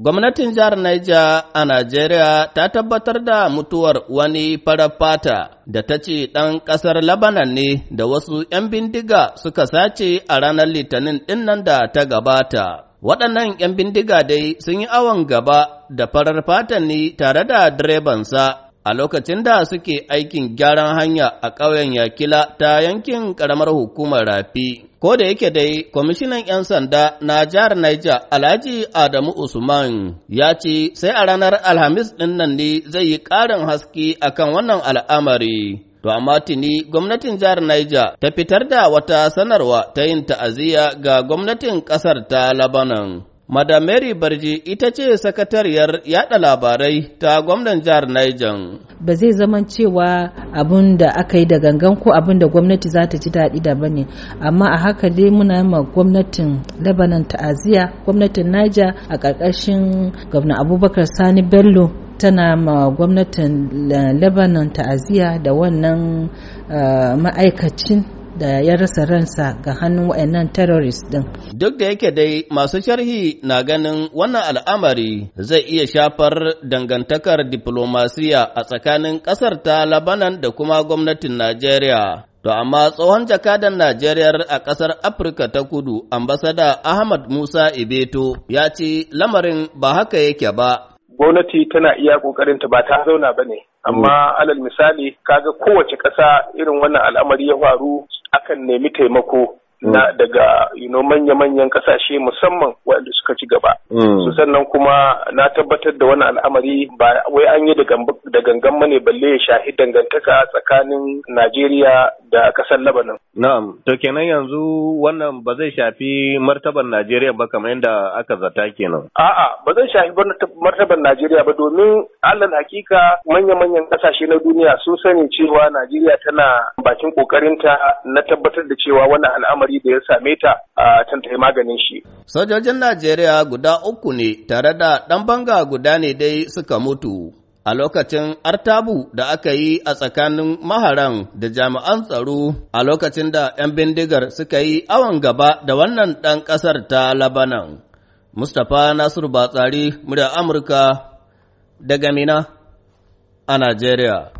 Gwamnatin jihar Naija a Najeriya ta tabbatar da mutuwar wani farar fata da ta ce ɗan ƙasar Lebanon ne da wasu ‘yan bindiga suka sace a ranar Litinin nan da ta gabata. Waɗannan ‘yan bindiga dai sun yi awon gaba da farar fatan ne tare da direbansa a lokacin da suke aikin gyaran hanya a ƙauyen Yakila ta yankin ƙaramar hukumar Rafi. Ko da yake dai, kwamishinan 'yan sanda na jihar Niger Alhaji Adamu Usman ya ce sai a ranar Alhamis ɗin nan ne zai yi ƙarin haske akan wannan al'amari. To amma tuni gwamnatin jihar Niger ta fitar da wata sanarwa ta yin ta'aziyya ga gwamnatin ƙasar ta Lebanon. Madam Mary Barji ita ce sakatariyar yada labarai ta gwamnan jihar Niger. Ba zai zaman cewa abin da aka yi da gangan ko abin da gwamnati za ta ji daɗi da bane, amma a haka dai muna ma gwamnatin Lebanon ta'aziya, gwamnatin Niger a ƙarƙashin gwamna Abubakar Sani Bello tana ma gwamnatin Lebanon ta'aziyya da wannan eh, ma'aikacin da ya rasa ransa ga hannun wayannan terrorist din. Duk da yake dai masu sharhi na ganin wannan al'amari zai iya shafar dangantakar diplomasiya a tsakanin ƙasar ta Labanan da kuma gwamnatin Najeriya. To amma tsohon jakadan Najeriya a ƙasar Afirka ta kudu, ambasada Ahmad Musa Ibeto ya ce lamarin ba haka yake ba. Gwamnati tana iya ƙoƙarinta ba ta zauna ba ne, amma mm. alal misali kaga kowace ƙasa irin wannan al'amari ya faru akan nemi taimako mm. na daga you manya-manyan kasashe musamman waɗanda suka ci gaba. Mm. Su sannan kuma na tabbatar da wani al'amari ba wai an yi da gangan mane balle ya shahi dangantaka tsakanin Najeriya da kasar Lebanon. Na'am, to kenan yanzu wannan ba zai shafi martaban Najeriya ba kamar yadda aka zata kenan. A'a, ba zai shafi martabar Najeriya ba domin alal hakika manya-manyan kasashe na duniya sun sani cewa Najeriya tana bakin kokarin ta na tabbatar da cewa wannan al'amari da ya same ta a tantai maganin shi. Sojojin Najeriya guda uku ne tare da ɗan banga guda ne dai suka mutu. a lokacin artabu da aka yi a tsakanin maharan da jami'an tsaro a lokacin da 'yan bindigar suka yi awon gaba da wannan ɗan ƙasar ta Labanan. Mustapha Nasiru Batsari, murya Amurka daga Mina a Najeriya.